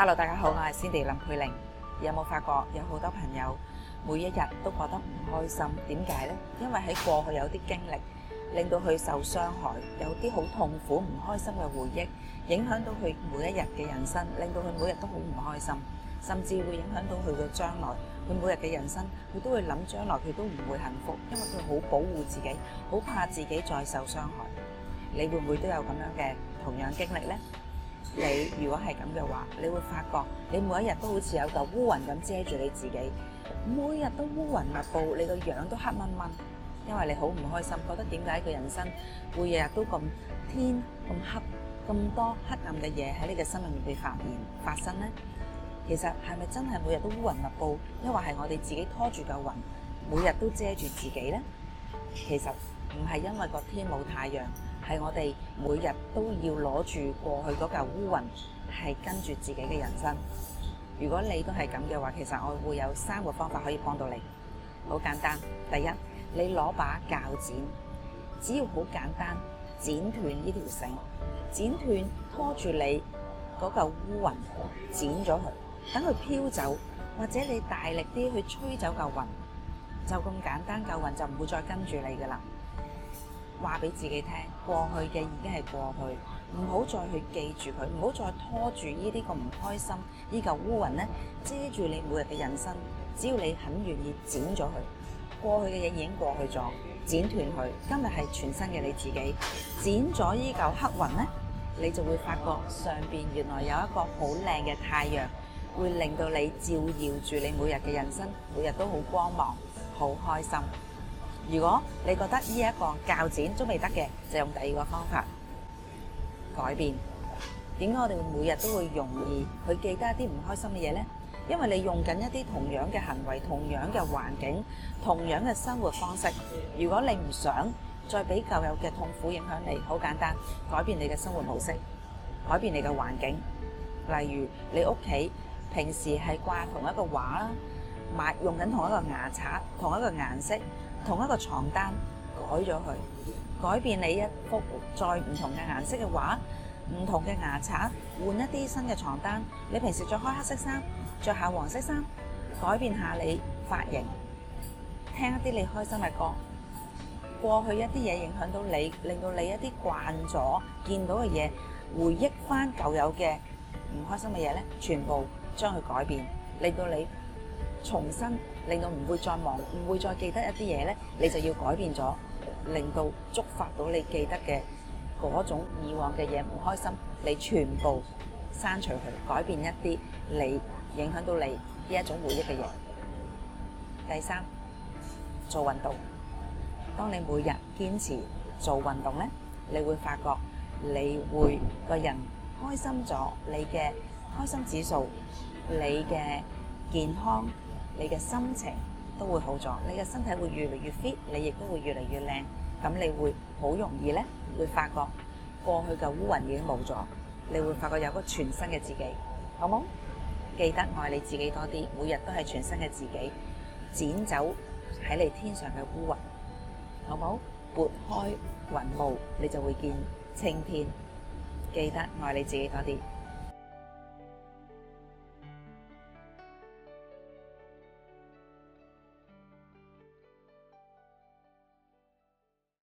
hello，大家好，我係 Cindy 林佩玲。有冇發覺有好多朋友每一日都覺得唔開心？點解呢？因為喺過去有啲經歷令到佢受傷害，有啲好痛苦、唔開心嘅回憶，影響到佢每一日嘅人生，令到佢每日都好唔開心，甚至會影響到佢嘅將來。佢每日嘅人生，佢都會諗將來佢都唔會幸福，因為佢好保護自己，好怕自己再受傷害。你會唔會都有咁樣嘅同樣經歷呢？你如果係咁嘅話，你會發覺你每一日都好似有嚿烏雲咁遮住你自己，咁每日都烏雲密佈，你個樣都黑掹掹，因為你好唔開心，覺得點解個人生每日日都咁天咁黑，咁多黑暗嘅嘢喺你嘅心裏面被發現發生呢？其實係咪真係每日都烏雲密佈，抑或係我哋自己拖住嚿雲，每日都遮住自己呢？其實唔係因為個天冇太陽。係我哋每日都要攞住過去嗰嚿烏雲，係跟住自己嘅人生。如果你都係咁嘅話，其實我會有三個方法可以幫到你。好簡單，第一，你攞把鉸剪，只要好簡單，剪斷呢條繩，剪斷拖住你嗰嚿烏雲，剪咗佢，等佢飄走，或者你大力啲去吹走嚿雲，就咁簡單，嚿雲就唔會再跟住你㗎喇。話俾自己聽，過去嘅已經係過去，唔好再去記住佢，唔好再拖住呢啲個唔開心，依嚿烏雲呢，遮住你每日嘅人生。只要你肯願意剪咗佢，過去嘅嘢，已經過去咗，剪斷佢，今日係全新嘅你自己。剪咗依嚿黑雲呢，你就會發覺上邊原來有一個好靚嘅太陽，會令到你照耀住你每日嘅人生，每日都好光芒，好開心。如果你覺得呢一個教剪都未得嘅，就用第二個方法改變。點解我哋每日都會容易去記得一啲唔開心嘅嘢呢？因為你用緊一啲同樣嘅行為、同樣嘅環境、同樣嘅生活方式。如果你唔想再俾舊有嘅痛苦影響你，好簡單，改變你嘅生活模式，改變你嘅環境。例如你屋企平時係掛同一個畫啦，買用緊同一個牙刷，同一個顏色。同一個床單，改咗佢，改變你一幅再唔同嘅顏色嘅畫，唔同嘅牙刷，換一啲新嘅床單，你平時着開黑色衫，着下黃色衫，改變下你髮型，聽一啲你開心嘅歌，過去一啲嘢影響到你，令到你一啲慣咗見到嘅嘢，回憶翻舊有嘅唔開心嘅嘢咧，全部將佢改變，令到你。重新令到唔會再忙，唔會再記得一啲嘢咧，你就要改變咗，令到觸發到你記得嘅嗰種以往嘅嘢唔開心，你全部刪除佢，改變一啲你影響到你呢一種回憶嘅嘢。第三，做運動，當你每日堅持做運動咧，你會發覺你會個人開心咗，你嘅開心指數，你嘅健康。你嘅心情都會好咗，你嘅身體會越嚟越 fit，你亦都會越嚟越靚。咁你會好容易咧，會發覺過去嘅烏雲已經冇咗，你會發覺有個全新嘅自己，好冇？記得愛你自己多啲，每日都係全新嘅自己，剪走喺你天上嘅烏雲，好冇？撥開雲霧，你就會見青天。記得愛你自己多啲。